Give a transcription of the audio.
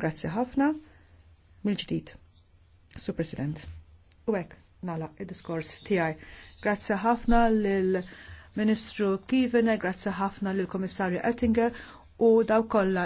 Grazzi ħafna mill-ġdid. Su President. U hekk nala id-diskors tiegħi. Grazzi ħafna lil Ministru Kivene, grazzi ħafna lil Komissarju Ettinger u daw kollha